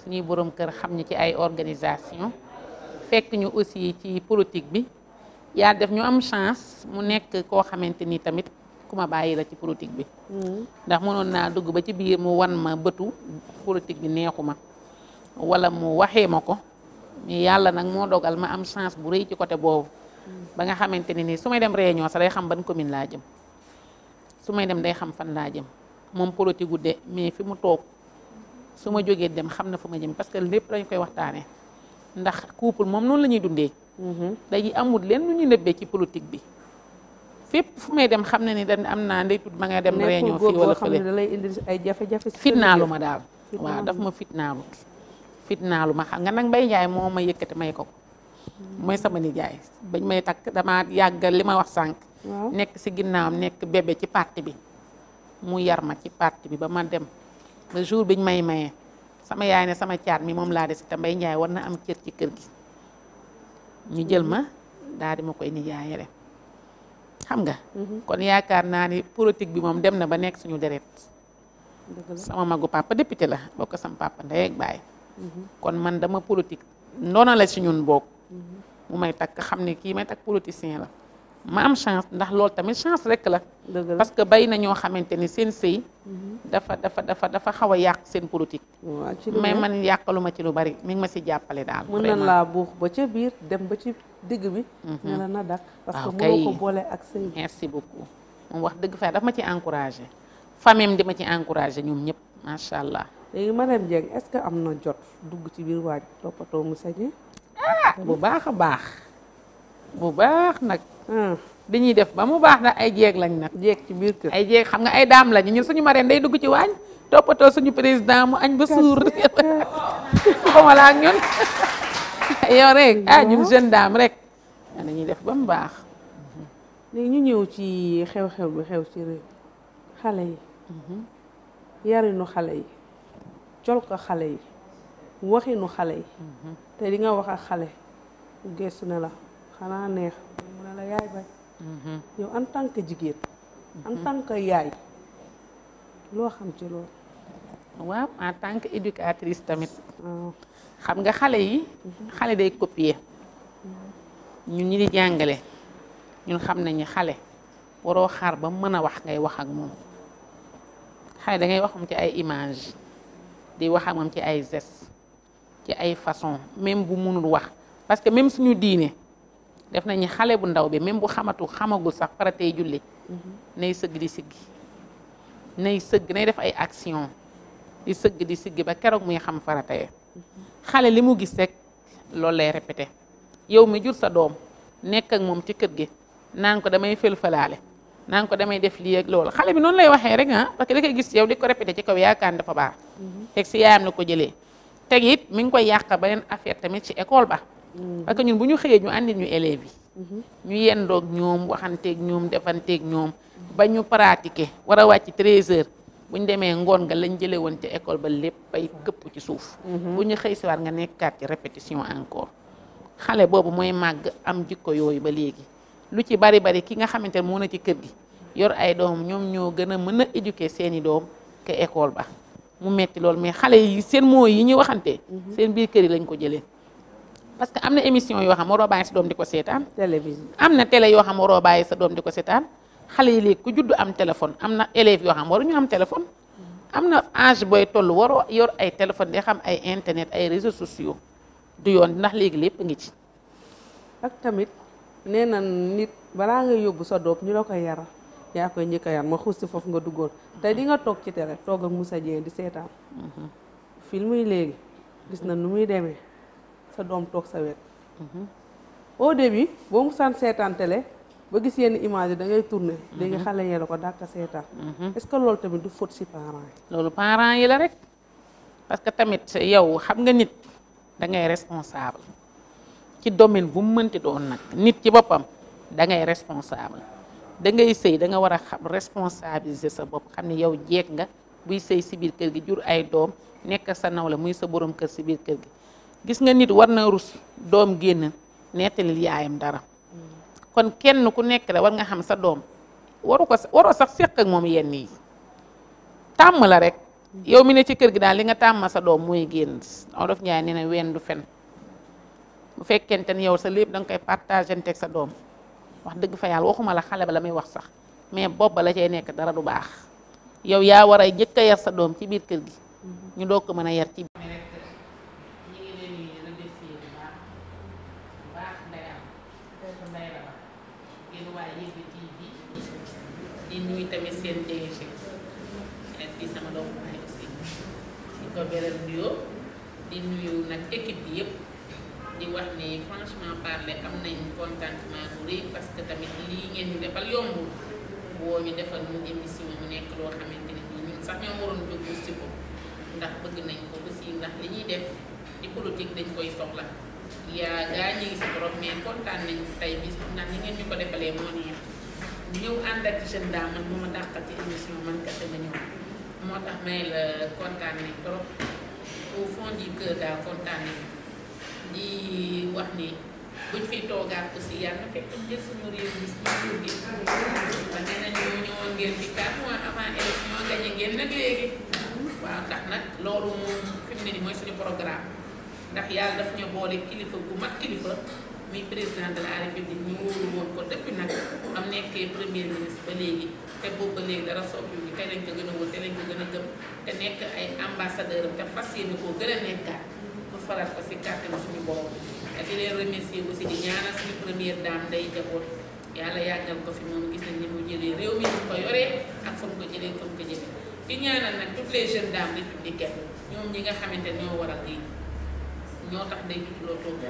suñuy boroom kër xam ñu ci ay organisation fekk ñu aussi ci politique bi yàlla def ñu am chance mu nekk koo xamante ni tamit ku ma bàyyi la ci politique bi. Hmm. ndax mënoon naa dugg ba ci biir mu wan ma bëtu politique bi neexu ma walla mu waxee ma ko. yàlla nag moo dogal ma am chance bu rëy ci coté boobu ba nga xamante ne nii su may dem réunion sax day xam ban commune laa jëm su may dem day xam fan laa jëm moom politique gudde mais fi mu toog su ma jógee dem xam na fu ma jëm parce que lépp dañ koy waxtaanee ndax couple moom noonu la ñuy dundee mhm. dañuy amul leen lu ñu nëbbee ci politique bi fépp fu may dem xam na ni dañ am naa ndey ma nga dem réunion fii wala fële fitnaalu ma daal waaw daf ma fitnaalut lu ma xam nga nak mbay jaay moma ma may ko moy sama jaay bañ may tak dama yàggal lima ma wax sank nek ci ginnam nek bébé ci parti bi mu yar ma ci parti bi ba ma dem le jour biñ may maye sama yaay ne sama caat mi mom la dess ta mbay jaay wonna am ciir ci kër gi ñu jël ma daal di ma koy nijaayale xam nga mhm. kon yaakar na ni politique bi mom dem na ba nek suñu deret sama magu papa député la bokk sama papa ndey ak baye kon man dama politique ndoona la si ñun bokk. mu may takk xam ne kii may takk politicien la ma am chance ndax lool tamit chance rek la. parce que bay na ñoo xamante ni seen sëy. Mhm. dafa dafa dafa dafa xaw yàq seen politique. mais man yàqaluma ci lu bari mi ngi ma si jàppale daal. mën na laa buux ba ca biir dem ba ci digg bi. Mhm. ne la na dakk parce que boole ak sëy. merci beaucoup moom wax dëgg fa dafa ma ci encouragé. famille am di ma ci encouragé ñoom ñëpp macha allah. léegi madame Dieng est-ce que am na jot dugg ci biir waaj toppatoo mu sañee ah bu baax a baax bu baax nag dañuy hmm. def ba mu baax nag ay jeeg lañ nag jeeg ci biir kër ay jeeg xam nga ay daam lañu ñun suñu marraine day dugg ci waañ toppatoo suñu président mu añ ba suur xamala ak ñun yow rek ah ñun jeune dame rek dañuy def ba mu baax léegi ñu ñëw ci xew-xew bi xew ci réew xale yi mhm. yarinu xale yi col ko xale yi waxinu xale yi mm-hmm. te di nga wax ak xale bu gestu ne la xanaa neex mu ne la yaay bañ mm-hmm. yow en tant que jigéen en mm-hmm. tant yaay loo xam ci loolu waaw en tant que éducatrice tamit ah. xam nga xale yi xale day copier ñun ñi di jàngale ñun xam ñi xale waroo xaar ba mën a wax ngay wax ak moom xale dangay wax moom ci ay image di wax ak moom ci ay gestes ci ay façon même bu munul wax parce que même suñu diine def nañu xalé bu ndaw bi même bu xamatu xamagul sax faratey julli ney seug di siggi ney seug ney def ay action di seug di siggi ba kérok muy xam farateye xale li mu gis rek loolu lay répété yow mi jur sa dom nek ak mom ci kër gi naan ko damay fël-fëlaale naan ko demee def lii ak loolu xale bi noonu lay waxee rek ah parce que da koy gis yow di ko répété ci kaw yaakaar dafa baax. Mhm. teg si yaayam la ko jëlee. teg it mi ngi koy yàq beneen affaire tamit ci école ba. Mhm. parce que bu ñu xëyee ñu àndil ñu élèves yi. Mhm. ñu yendoog ñoom waxanteeg ñoom defanteeg ñoom. ba ñu pratiqué war a wàcc 13h. bu ñu demee ngoon nga lañ jëlee woon ci école ba lépp bay këpp ci suuf. bu ñu xëy si waat nga nekkaat ci répétition encore. xale boobu mooy màgg am jikko yooyu ba léegi. lu ci bari bari ki nga xamante ne moo na ci kër gi yor ay doom ñoom ñoo gën a mën a éduquer seeni doom ke école ba mu metti loolu mais xale yi seen mooy yi ñuy waxante mhm. seen biir kër yi lañ ko jëlee parce que am na émission yoo xam waroo bàyyi sa doom di ko seetaan télévision am na télé yoo xam waroo bàyyi sa doom di ko seetaan xale yi léegi ku juddu am téléphone am na élève yoo xam waruñu am téléphone mhm. am na âge booy toll waroo yor ay téléphone di xam ay internet ay réseaux sociaux du yoon ndax léegi lépp ngi ci nee na nit balaa ngay yóbbu sa doom ñu la koy yar yaa koy njëkk a yar ma si foofu nga duggoon te di nga toog ci télé toog ak sa Dieng di seetaan mhm. fii yi léegi gis na nu muy demee sa doom toog sa wet mhm. au début boo musaan seetaan télé ba gis yenn image yi da ngay mhm. léegi xale yee la ko dàkk seetaan est-ce que loolu tamit du faute si parents yi loolu parents yi la rek parce que tamit yow xam nga nit da ngay responsable ci domaine bu mu mënti doon nag nit ci boppam da ngay responsable da ngay sëy da nga war a xam responsabiliser sa bopp xam ne yow jeek nga buy sëy si biir kër gi jur ay doom nekk sa nawle muy sa boroom kër si biir kër gi gis nga nit war na rus doom génn nettalil yaayam dara kon kenn ku nekk la war nga xam sa doom waru ko waroo sax séq ak moom yenn yi tàmm la rek mm-hmm. yow mi ne ci kër gi daal li nga tàmm sa doom mooy génn Olof Njaay nee wenn du fen bu fekkente ni yow sa lépp da koy partagé teg sa doom wax dëgg fa yàlla waxuma la xale ba la muy wax sax mais bopp ba la cay nekk dara du baax yow yaa war a njëkk yar sa doom ci biir kër gi ñu doog ko mën a yar ci di di nuyu nag équipe bi yëpp di wax ni franchement parler am nañ contentement bu rëy parce que tamit lii ngeen ñu defal yombul woo ñu defal ñu émission mu nekk loo xamante ne bii sax ñoo waroon jóg si ko ndax bëgg nañ ko aussi li ñuy def di politique dañ koy soxla yaa gaa ñi ngi si borom mais kontaan nañ tey bis ndax ni moo tax may la kontaan nañ trop au fond du cœur daal kontaan nañ di wax ne buñ fi toogaat aussi yàlla na fekk jël suñu réew mi suñu nag loolu moom fi suñu programme ndax yàlla daf ñu boole kilifa gu mag kilifa muy président de la république ñu wóolu woon ko am nekkee ba léegi te boobu ba léegi dara soppiwu ñu te lañ ko gën a wóor gën a gëm te nekk ay ambassadeur te fas yéene koo gën a nekkaat faral ko si kàttan suñu borom di leen remercier aussi di ñaanal suñu première dame day jaboot yàlla yàggal ko fi moom gis nañ ni mu jëlee réew mi mu ko yoree ak fa mu ko jëlee fa mu ko jëlee di ñaanal nag toutes ñoom ñi nga xamante ñoo waral lii ñoo tax day dugg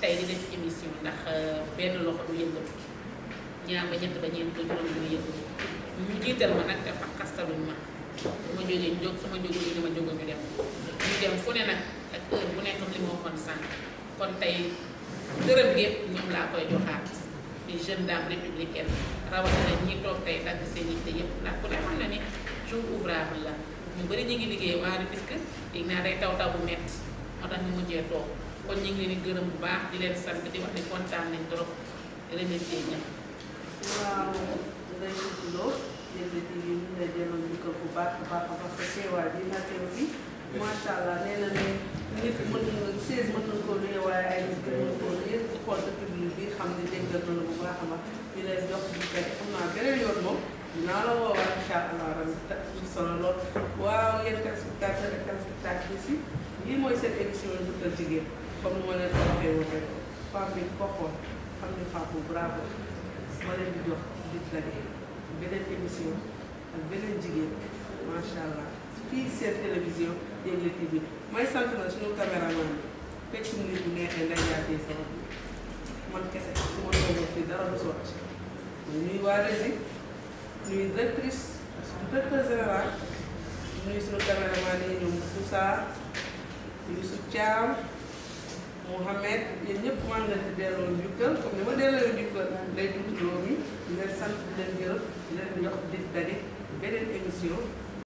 tey di def émission ndax euh, benn loxo du yëngatu ñaar ba ñett ba ñeent ba juróom du yëngatu ñu jiital ma nag dafa xastaluñ ma su ma jógee ñu jóg su dama jóg dem ñu dem fu ne nag. heure bu nekk li ma waxoon sànq kon tey dërëm yëpp ñoom laa koy joxaat les jeunes dames républicaines rawatina ñi toog tey dagg seen yitte yëpp ndax ku ne xam na ni jour ouvrable la ñu bëri ñu ngi liggéey waa Rufisque dégg naa day taw taw bu métti moo tax ñu mujjee toog kon ñu ngi leen gërëm bu baax di leen sant di wax ni kontaan nañ trop remercier yi ñu ngi lay delloo ñu ko bu baax a baax a baax teewaay bi nga teew bi. macha allah nee na ne nit mën na chaise mën koo luye waaye ay nit mën nañu koo luye xool sa public bi xam ne déggal na la bu baax a baax ñu lay jox di fekk xam naa beneen yoon moom naa la woowal incha allah rabi ta solo lool waaw yéen téléspectateurs ak téléspectatrices yi mooy seen émission Jukkal Jigéen comme ni ma leen ko waxee woon rek femme bi kookoon xam ne femme bu bravo ma leen di jox di daje beneen émission ak beneen jigéen macha allah fii seen télévision. Diène TV may sant na suñu caméraman bi fekk suñu bu neexee nday yaatee sama man kese su ma toogee fii dara du sotti ñuy waa Rési ñuy directrice directeur suñu caméraman yi ñoom Moussa Youssou Thiam Mouhamed yéen ñëpp maa ngi leen di delloo njukkal comme ni ma delloo njukkal day dugg loolu yi di leen sant di leen gërëm di leen jox beneen émission.